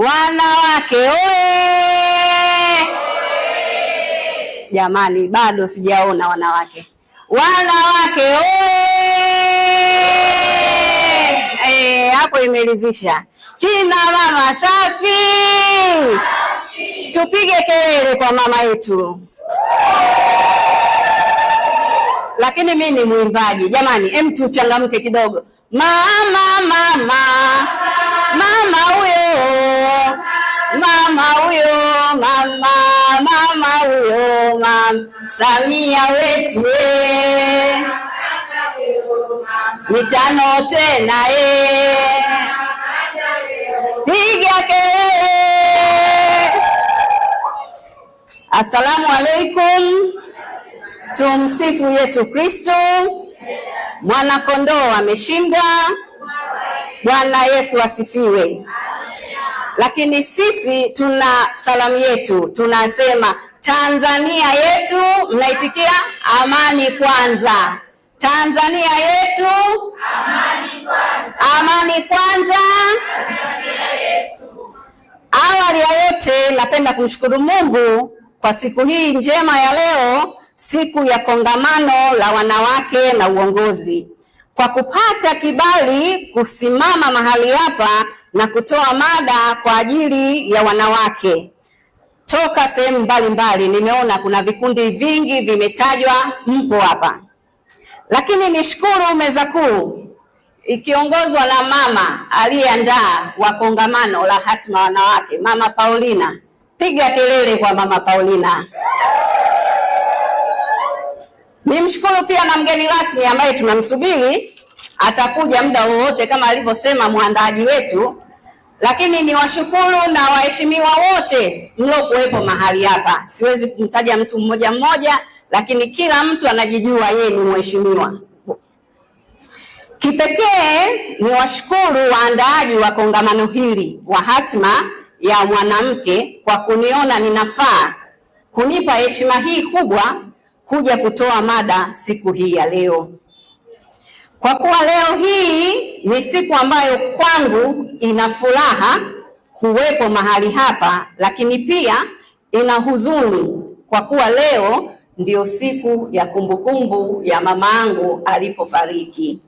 Wanawake oye! Jamani, bado sijaona wanawake. Wanawake oye! Eh, hapo imelizisha. Kina mama safi, tupige kelele kwa mama yetu. Lakini mi ni mwimbaji jamani, em, tuchangamke kidogo. Mama, mama, mama huyo mama huyo mama mama huyo mama Samia wetu we mitano tena e. piga kelele. Asalamu alaikum, tumsifu Yesu Kristo. Mwana kondoo ameshindwa. Bwana Yesu asifiwe lakini sisi tuna salamu yetu, tunasema Tanzania yetu, mnaitikia amani kwanza. Tanzania yetu amani kwanza, amani kwanza. Awali ya yote, napenda kumshukuru Mungu kwa siku hii njema ya leo, siku ya kongamano la wanawake na uongozi, kwa kupata kibali kusimama mahali hapa na kutoa mada kwa ajili ya wanawake toka sehemu mbalimbali. Nimeona kuna vikundi vingi vimetajwa, mpo hapa, lakini nishukuru meza kuu ikiongozwa na mama aliyeandaa wa kongamano la hatima wanawake, mama Paulina. Piga kelele kwa mama Paulina. Nimshukuru pia na mgeni rasmi ambaye tunamsubiri atakuja muda wowote kama alivyosema mwandaaji wetu, lakini ni washukuru na waheshimiwa wote mliokuwepo mahali hapa. Siwezi kumtaja mtu mmoja mmoja, lakini kila mtu anajijua yeye ni mheshimiwa. Kipekee ni washukuru waandaaji wa kongamano hili wa hatima ya mwanamke kwa kuniona ninafaa kunipa heshima hii kubwa kuja kutoa mada siku hii ya leo. Kwa kuwa leo hii ni siku ambayo kwangu ina furaha kuwepo mahali hapa, lakini pia ina huzuni kwa kuwa leo ndiyo siku ya kumbukumbu ya mamaangu alipofariki.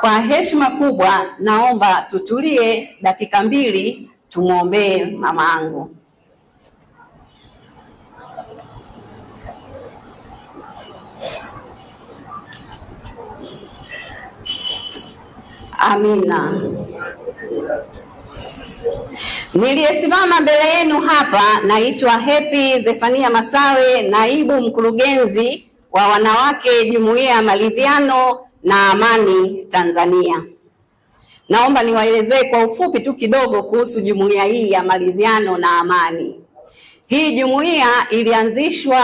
Kwa heshima kubwa, naomba tutulie dakika mbili, tumwombee mamaangu Amina. Niliyesimama mbele yenu hapa naitwa Happy Zefania Masawe, naibu mkurugenzi wa wanawake Jumuiya ya Maridhiano na Amani Tanzania. Naomba niwaelezee kwa ufupi tu kidogo kuhusu jumuiya hii ya Maridhiano na Amani. Hii jumuiya ilianzishwa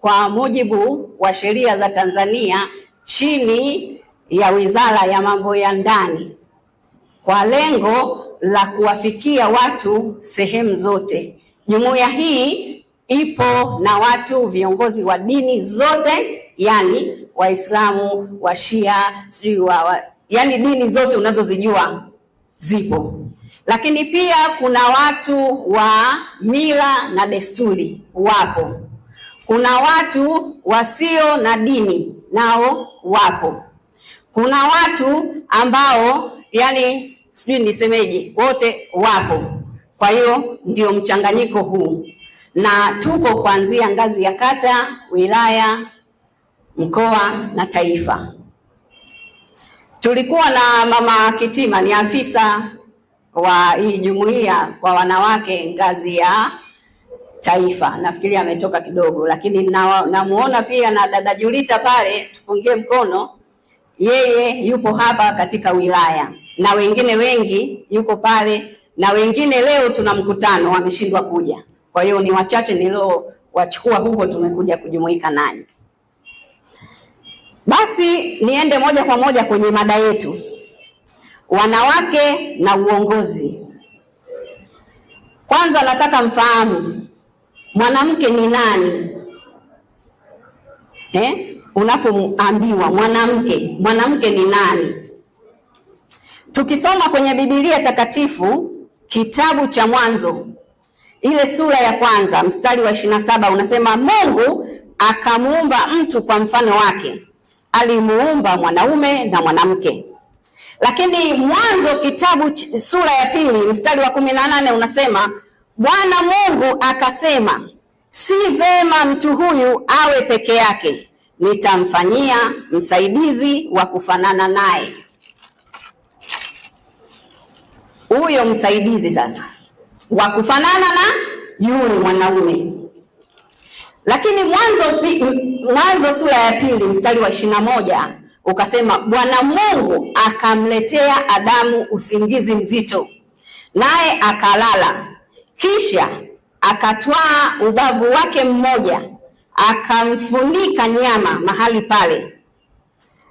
kwa mujibu wa sheria za Tanzania chini ya Wizara ya Mambo ya Ndani kwa lengo la kuwafikia watu sehemu zote. Jumuiya hii ipo na watu viongozi wa dini zote, yani Waislamu, Washia, sijui wa, wa, yani dini zote unazozijua zipo, lakini pia kuna watu wa mila na desturi wapo, kuna watu wasio na dini nao wapo kuna watu ambao yani sijui nisemeje, wote wapo. Kwa hiyo ndio mchanganyiko huu, na tuko kuanzia ngazi ya kata, wilaya, mkoa na taifa. Tulikuwa na mama Kitima, ni afisa wa hii jumuiya kwa wanawake ngazi ya taifa, nafikiri ametoka kidogo, lakini namuona na pia na dada Julita pale, tupungie mkono yeye yupo hapa katika wilaya na wengine wengi yuko pale, na wengine leo tuna mkutano wameshindwa kuja. Kwa hiyo ni wachache niliowachukua huko, tumekuja kujumuika nanyi. Basi niende moja kwa moja kwenye mada yetu, wanawake na uongozi. Kwanza nataka mfahamu mwanamke ni nani eh? unapoambiwa mwanamke, mwanamke ni nani? Tukisoma kwenye Biblia Takatifu kitabu cha Mwanzo ile sura ya kwanza mstari wa ishirini na saba unasema Mungu akamuumba mtu kwa mfano wake, alimuumba mwanaume na mwanamke. Lakini Mwanzo kitabu sura ya pili mstari wa kumi na nane unasema Bwana Mungu akasema, si vema mtu huyu awe peke yake nitamfanyia msaidizi wa kufanana naye. Huyo msaidizi sasa wa kufanana na yule mwanaume. Lakini mwanzo Mwanzo sura ya pili mstari wa ishirini na moja ukasema, Bwana Mungu akamletea Adamu usingizi mzito, naye akalala, kisha akatwaa ubavu wake mmoja akamfunika nyama mahali pale,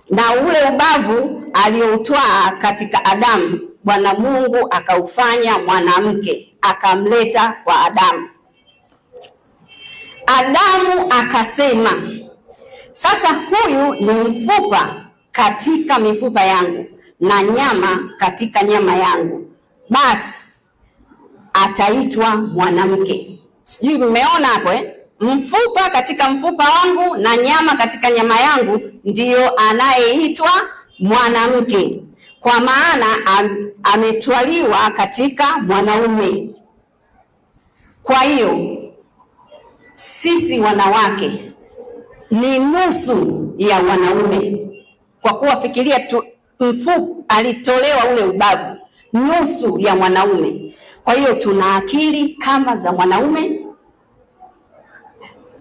na ule ubavu aliyoutwaa katika Adamu, Bwana Mungu akaufanya mwanamke, akamleta kwa Adamu. Adamu akasema, sasa huyu ni mfupa katika mifupa yangu na nyama katika nyama yangu, basi ataitwa mwanamke. Sijui mmeona hapo eh? mfupa katika mfupa wangu na nyama katika nyama yangu, ndiyo anayeitwa mwanamke, kwa maana am, ametwaliwa katika mwanaume. Kwa hiyo sisi wanawake ni nusu ya wanaume, kwa kuwa fikiria tu, mfupa alitolewa ule ubavu, nusu ya mwanaume. Kwa hiyo tuna akili kama za mwanaume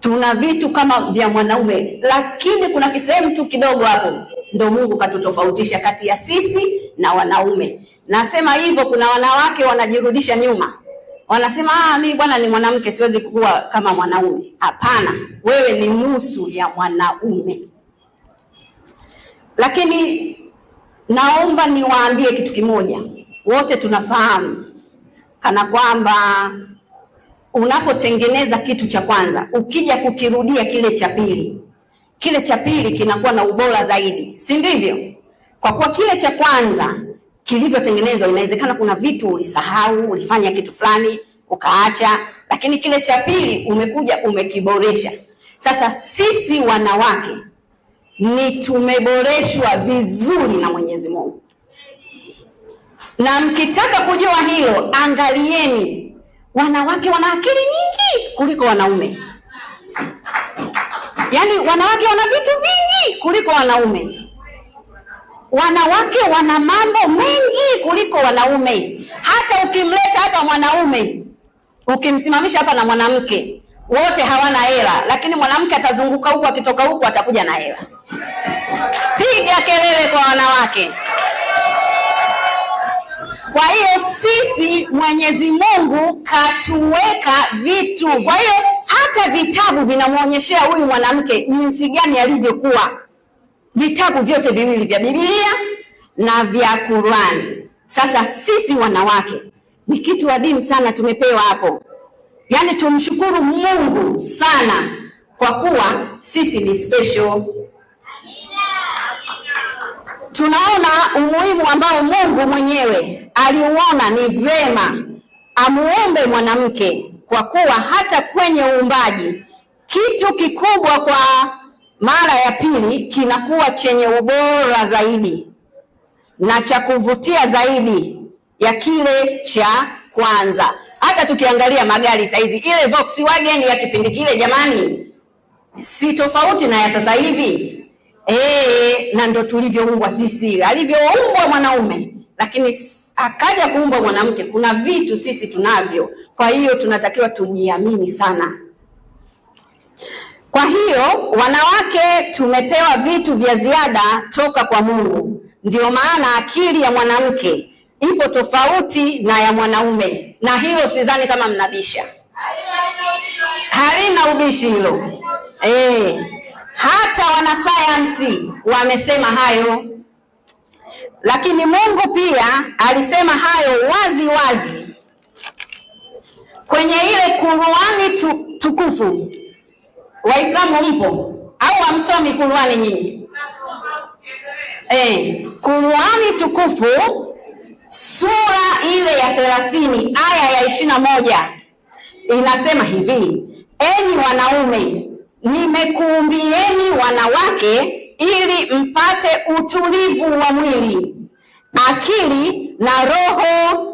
tuna vitu kama vya mwanaume, lakini kuna kisehemu tu kidogo hapo, ndo Mungu katutofautisha kati ya sisi na wanaume. Nasema hivyo, kuna wanawake wanajirudisha nyuma, wanasema ah, mimi bwana ni mwanamke, siwezi kuwa kama mwanaume. Hapana, wewe ni nusu ya mwanaume. Lakini naomba niwaambie kitu kimoja, wote tunafahamu kana kwamba unapotengeneza kitu cha kwanza, ukija kukirudia kile cha pili, kile cha pili kinakuwa na ubora zaidi, si ndivyo? Kwa kuwa kile cha kwanza kilivyotengenezwa, inawezekana kuna vitu ulisahau, ulifanya kitu fulani ukaacha, lakini kile cha pili umekuja umekiboresha. Sasa sisi wanawake ni tumeboreshwa vizuri na Mwenyezi Mungu, na mkitaka kujua hilo, angalieni wanawake wana akili nyingi kuliko wanaume, yaani wanawake wana vitu vingi kuliko wanaume, wanawake wana mambo mengi kuliko wanaume. Hata ukimleta hapa mwanaume ukimsimamisha hapa na mwanamke, wote hawana hela, lakini mwanamke atazunguka huku akitoka huku atakuja na hela. Piga kelele kwa wanawake. Kwa hiyo sisi Mwenyezi Mungu katuweka vitu, kwa hiyo hata vitabu vinamwonyeshea huyu mwanamke jinsi gani alivyokuwa, vitabu vyote viwili vya Biblia na vya Qur'an. Sasa sisi wanawake ni kitu adimu sana tumepewa hapo, yaani tumshukuru Mungu sana kwa kuwa sisi ni special. Tunaona umuhimu ambao Mungu mwenyewe aliuona ni vema amuumbe mwanamke, kwa kuwa hata kwenye uumbaji kitu kikubwa kwa mara ya pili kinakuwa chenye ubora zaidi na cha kuvutia zaidi ya kile cha kwanza. Hata tukiangalia magari sasa hizi, ile Volkswagen ya kipindi kile, jamani, si tofauti na ya sasa hivi. E, na ndo tulivyoumbwa sisi, alivyoumbwa mwanaume, lakini akaja kuumbwa mwanamke, kuna vitu sisi tunavyo. Kwa hiyo tunatakiwa tujiamini sana. Kwa hiyo wanawake tumepewa vitu vya ziada toka kwa Mungu. Ndiyo maana akili ya mwanamke ipo tofauti na ya mwanaume, na hilo sidhani kama mnabisha, halina ubishi hilo eh. Hata wanasayansi wamesema hayo lakini Mungu pia alisema hayo wazi wazi kwenye ile Qur'ani tu, tukufu. Waislamu mpo au hamsomi Qur'ani nyinyi? Eh, Qur'ani tukufu sura ile ya thelathini aya ya ishirini na moja inasema hivi: enyi wanaume, nimekuumbieni wanawake ili mpate utulivu wa mwili, akili na roho,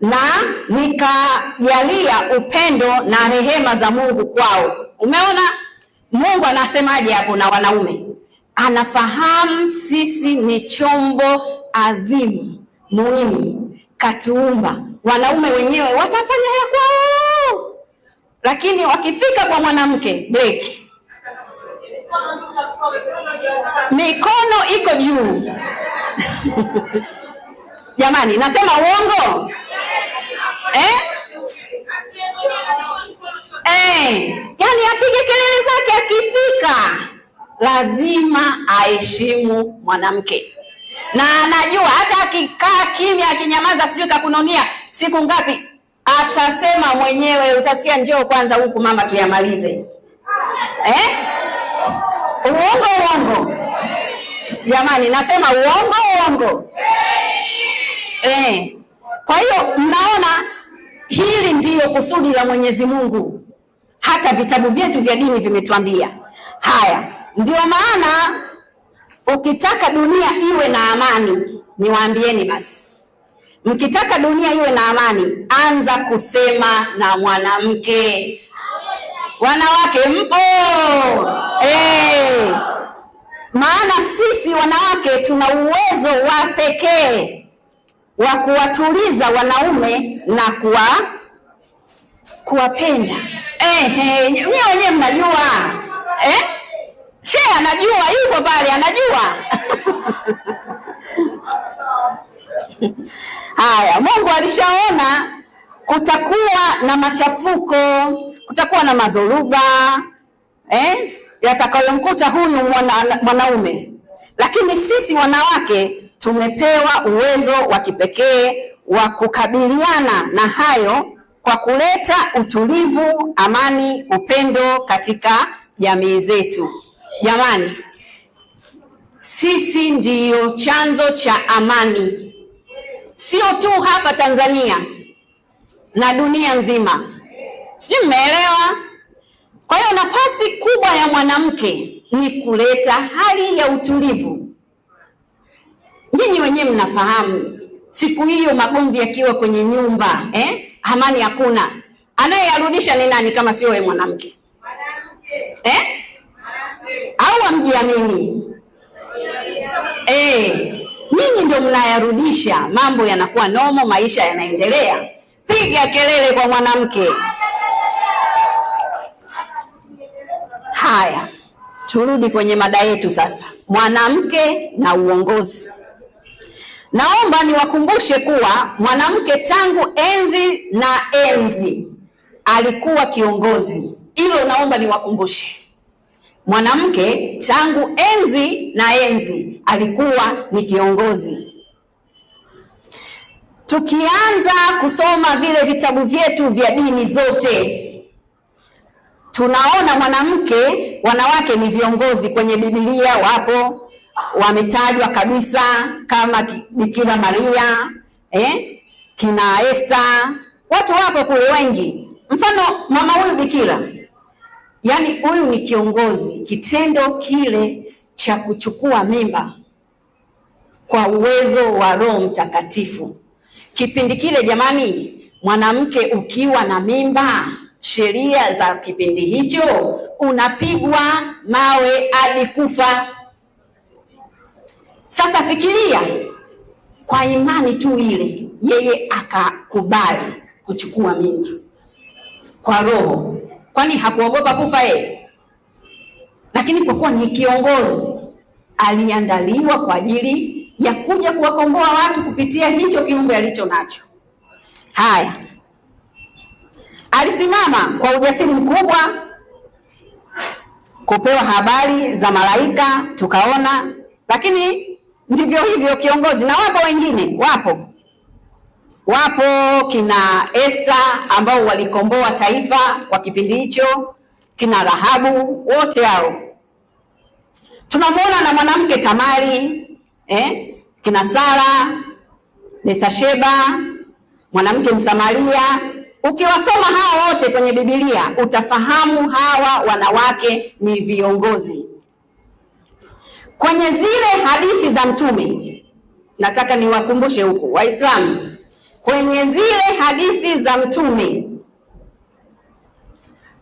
na nikajalia upendo na rehema za Mungu kwao. Umeona Mungu anasemaje hapo? Na wanaume anafahamu sisi ni chombo adhimu muhimu, katuumba. Wanaume wenyewe watafanya ya kwao, lakini wakifika kwa mwanamke breki Mikono iko juu jamani, nasema uongo eh? Eh, yani apige kelele zake, akifika lazima aheshimu mwanamke, na anajua hata akikaa kimya, akinyamaza, sijui kakununia siku ngapi, atasema mwenyewe, utasikia njoo kwanza huku mama tuyamalize eh? Uongo uongo, jamani, nasema uongo uongo eh. Kwa hiyo mnaona, hili ndiyo kusudi la Mwenyezi Mungu, hata vitabu vyetu vya dini vimetuambia haya. Ndio maana ukitaka dunia iwe na amani, niwaambieni basi, mkitaka dunia iwe na amani, anza kusema na mwanamke Wanawake mpo eh? Maana sisi wanawake tuna uwezo wa pekee wa kuwatuliza wanaume na kuwa kuwapenda eh, eh. wenyewe mnajua eh? She anajua yuko pale anajua haya. Mungu alishaona kutakuwa na machafuko kutakuwa na madhuruba eh, yatakayomkuta huyu mwana, mwanaume. Lakini sisi wanawake tumepewa uwezo wa kipekee wa kukabiliana na hayo kwa kuleta utulivu, amani, upendo katika jamii zetu. Jamani, sisi ndiyo chanzo cha amani, sio tu hapa Tanzania na dunia nzima. Sijui mmeelewa? Kwa hiyo nafasi kubwa ya mwanamke ni kuleta hali ya utulivu. Nyinyi wenyewe mnafahamu, siku hiyo magomvi yakiwa kwenye nyumba eh, amani hakuna. Anayeyarudisha ni nani kama sio wewe mwanamke eh? au amjiamini eh? Nyinyi ndio mnayarudisha, mambo yanakuwa nomo, maisha yanaendelea. Piga kelele kwa mwanamke. Haya, turudi kwenye mada yetu sasa, mwanamke na uongozi. Naomba niwakumbushe kuwa mwanamke tangu enzi na enzi alikuwa kiongozi. Hilo naomba niwakumbushe, mwanamke tangu enzi na enzi alikuwa ni kiongozi. Tukianza kusoma vile vitabu vyetu vya dini zote Tunaona mwanamke, wanawake ni viongozi kwenye Biblia, wapo wametajwa kabisa kama Bikira Maria eh, kina Esther, watu wapo kule wengi. Mfano mama huyu bikira, yaani huyu ni kiongozi. Kitendo kile cha kuchukua mimba kwa uwezo wa Roho Mtakatifu, kipindi kile, jamani, mwanamke ukiwa na mimba sheria za kipindi hicho, unapigwa mawe hadi kufa. Sasa fikiria, kwa imani tu ile yeye akakubali kuchukua mimba kwa roho, kwani hakuogopa kufa yeye, lakini kwa kuwa ni kiongozi aliandaliwa kwa ajili ya kuja kuwakomboa watu kupitia hicho kiumbe alicho nacho. Haya, Alisimama kwa ujasiri mkubwa kupewa habari za malaika tukaona, lakini ndivyo hivyo kiongozi, na wapo wengine, wapo wapo kina Esta ambao walikomboa taifa kwa kipindi hicho, kina Rahabu, wote hao tunamwona, na mwanamke Tamari eh, kina Sara, Methasheba, mwanamke Msamaria Ukiwasoma hawa wote kwenye Biblia utafahamu hawa wanawake ni viongozi. Kwenye zile hadithi za Mtume, nataka niwakumbushe huku Waislamu, kwenye zile hadithi za Mtume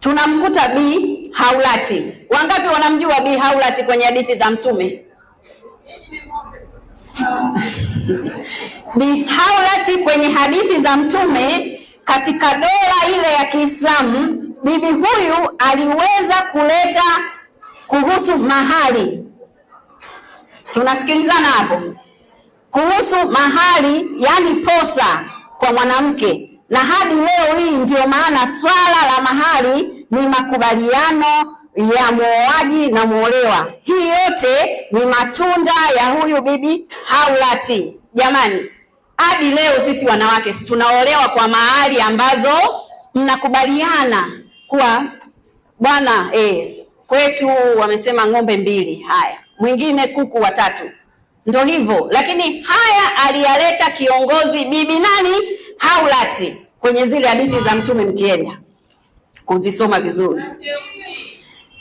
tunamkuta Bi Haulati. Wangapi wanamjua Bi Haulati kwenye hadithi za Mtume? Bi Haulati kwenye hadithi za Mtume katika dola ile ya Kiislamu, bibi huyu aliweza kuleta kuhusu mahali, tunasikilizana hapo, kuhusu mahali yani posa kwa mwanamke, na hadi leo hii ndiyo maana swala la mahali ni makubaliano ya muoaji na muolewa. Hii yote ni matunda ya huyu bibi Haulati, jamani. Hadi leo sisi wanawake tunaolewa kwa mahali ambazo mnakubaliana kuwa bwana, eh, kwetu wamesema ng'ombe mbili, haya mwingine kuku watatu, ndo hivyo. Lakini haya aliyaleta kiongozi bibi nani Haulati kwenye zile hadithi za Mtume, mkienda kuzisoma vizuri.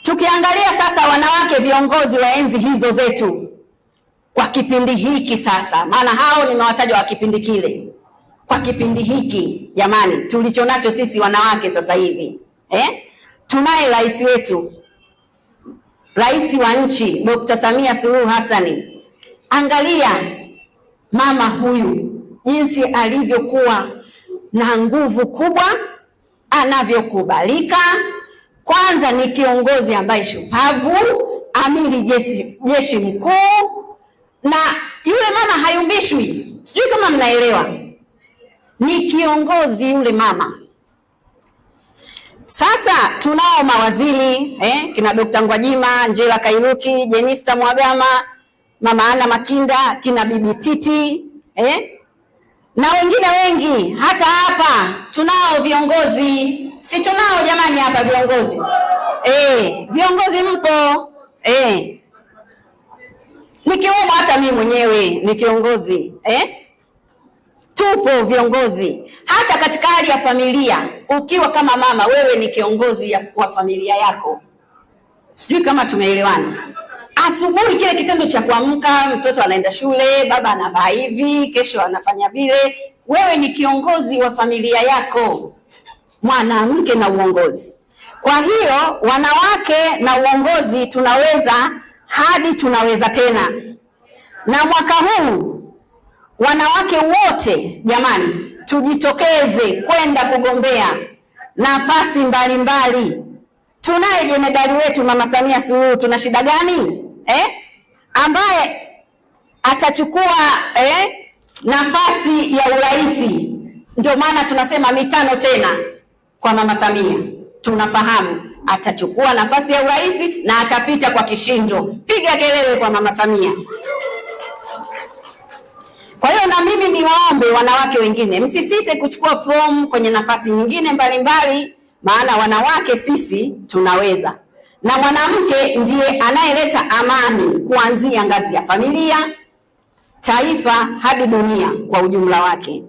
Tukiangalia sasa wanawake viongozi wa enzi hizo zetu kwa kipindi hiki sasa, maana hao ninawataja wa kipindi kile. Kwa kipindi hiki jamani, tulicho nacho sisi wanawake sasa hivi eh? Tunaye rais wetu, rais wa nchi Dr. Samia Suluhu Hassan. Angalia mama huyu jinsi alivyokuwa na nguvu kubwa, anavyokubalika. Kwanza ni kiongozi ambaye shupavu, amiri jeshi, jeshi mkuu na yule mama hayumbishwi, sijui kama mnaelewa, ni kiongozi yule mama. Sasa tunao mawaziri eh, kina Dr. Ngwajima, Njela Kairuki, Jenista Mwagama, mama Ana Makinda, kina Bibi Titi eh, na wengine wengi. Hata hapa tunao viongozi, si tunao jamani? Hapa viongozi eh, viongozi mpo eh nikiwemo hata mimi mwenyewe ni kiongozi eh? Tupo viongozi hata katika hali ya familia. Ukiwa kama mama, wewe ni kiongozi ya, wa familia yako. Sijui kama tumeelewana. Asubuhi kile kitendo cha kuamka, mtoto anaenda shule, baba anavaa hivi, kesho anafanya vile, wewe ni kiongozi wa familia yako, mwanamke na uongozi. Kwa hiyo wanawake na uongozi tunaweza hadi tunaweza tena. Na mwaka huu wanawake wote jamani, tujitokeze kwenda kugombea nafasi mbalimbali. Tunaye jemedari wetu Mama Samia Suluhu, tuna shida gani eh? ambaye atachukua eh, nafasi ya urais. Ndio maana tunasema mitano tena kwa Mama Samia, tunafahamu atachukua nafasi ya urais na atapita kwa kishindo. Piga kelele kwa mama Samia. Kwa hiyo na mimi niwaombe wanawake wengine, msisite kuchukua fomu kwenye nafasi nyingine mbalimbali mbali, maana wanawake sisi tunaweza, na mwanamke ndiye anayeleta amani kuanzia ngazi ya familia, taifa hadi dunia kwa ujumla wake.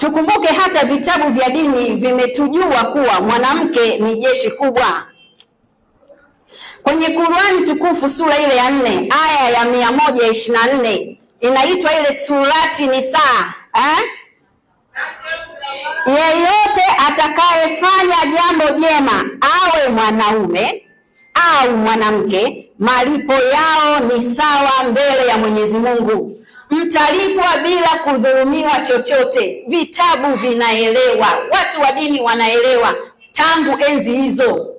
Tukumbuke hata vitabu vya dini vimetujua kuwa mwanamke ni jeshi kubwa. Kwenye Qur'ani tukufu sura ile ya nne aya ya mia moja ishirini na nne inaitwa ile surati Nisaa eh? Yeyote atakayefanya jambo jema awe mwanaume au mwanamke, malipo yao ni sawa mbele ya Mwenyezi Mungu mtalipwa bila kudhulumiwa chochote. Vitabu vinaelewa, watu wa dini wanaelewa tangu enzi hizo.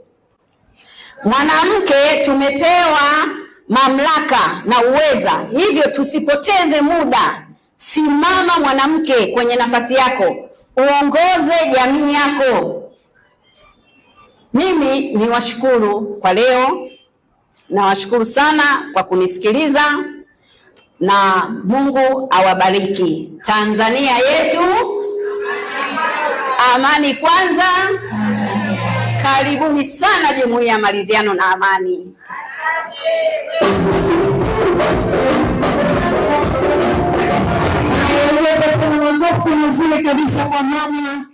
Mwanamke tumepewa mamlaka na uweza, hivyo tusipoteze muda. Simama mwanamke kwenye nafasi yako, uongoze jamii yako. Mimi niwashukuru kwa leo, nawashukuru sana kwa kunisikiliza na Mungu awabariki Tanzania yetu. Amani kwanza. Karibuni sana Jumuiya ya Maridhiano na Amani. mazuri kabisa kwa mama